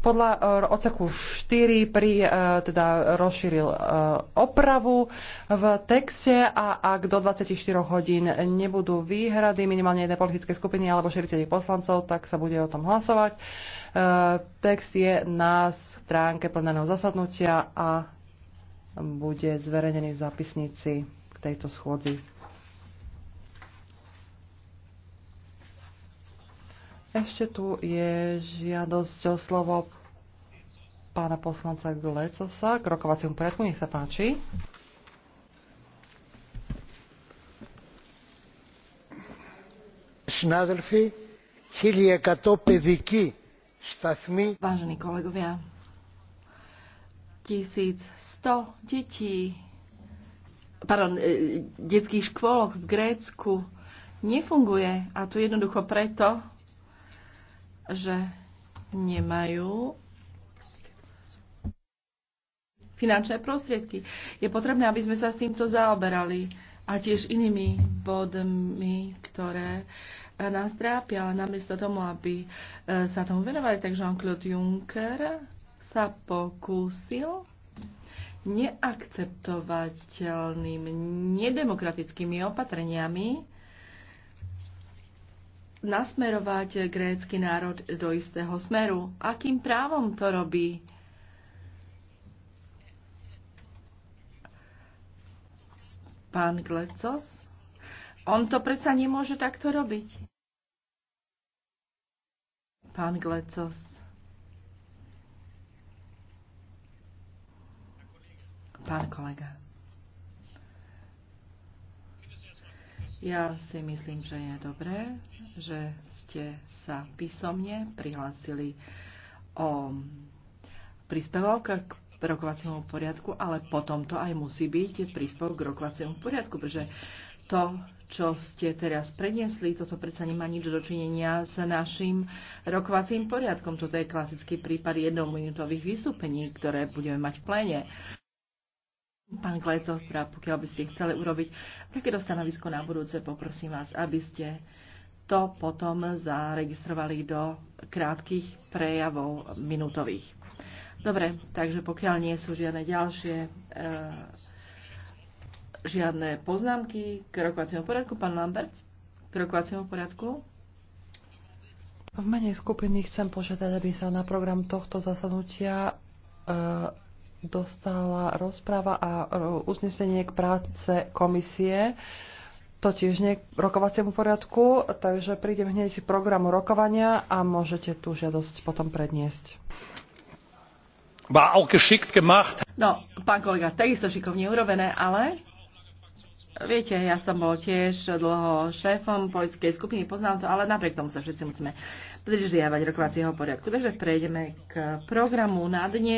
Podľa eh, odseku 4 pri, eh, teda rozšíril eh, opravu v texte a ak do 24 hodín nebudú výhrady minimálne jednej politickej skupiny alebo 40 poslancov, tak sa bude o tom hlasovať. Text je na stránke plného zasadnutia a bude zverejnený v zápisnici k tejto schôdzi. Ešte tu je žiadosť o slovo pána poslanca Glecosa k rokovaciemu predku. Nech sa páči. Συνάδελφοι, 1100 παιδικοί štasmi. Vážení kolegovia, 1100 detí, pardon, e, detských škôlok v Grécku nefunguje a to jednoducho preto, že nemajú finančné prostriedky. Je potrebné, aby sme sa s týmto zaoberali a tiež inými bodmi, ktoré e, nás trápia, ale namiesto tomu, aby e, sa tomu venovali, tak Jean-Claude Juncker sa pokúsil neakceptovateľným, nedemokratickými opatreniami nasmerovať grécky národ do istého smeru. Akým právom to robí? Pán Glecos? On to predsa nemôže takto robiť. Pán Glecos. Pán kolega. Ja si myslím, že je dobré, že ste sa písomne prihlásili o príspevok k rokovaciemu poriadku, ale potom to aj musí byť príspevok k rokovaciemu poriadku, pretože to, čo ste teraz predniesli, toto predsa nemá nič dočinenia s našim rokovacím poriadkom. Toto je klasický prípad jednominútových vystúpení, ktoré budeme mať v plene. Pán Glejcovstra, teda pokiaľ by ste chceli urobiť takéto stanovisko na budúce, poprosím vás, aby ste to potom zaregistrovali do krátkých prejavov minútových. Dobre, takže pokiaľ nie sú žiadne ďalšie e, žiadne poznámky k rokovaciemu poriadku, pán Lambert, k rokovaciemu poriadku. V mene skupiny chcem požiadať, aby sa na program tohto zasadnutia e, dostala rozpráva a uznesenie k práce komisie, to tiež nie k rokovaciemu poriadku, takže prídem hneď k programu rokovania a môžete tú žiadosť potom predniesť. No, pán kolega, takisto šikovne urobené, ale Viete, ja som bol tiež dlho šéfom politickej skupiny, poznám to, ale napriek tomu sa všetci musíme pridržiavať rokovacieho poriadku. Takže prejdeme k programu na dne.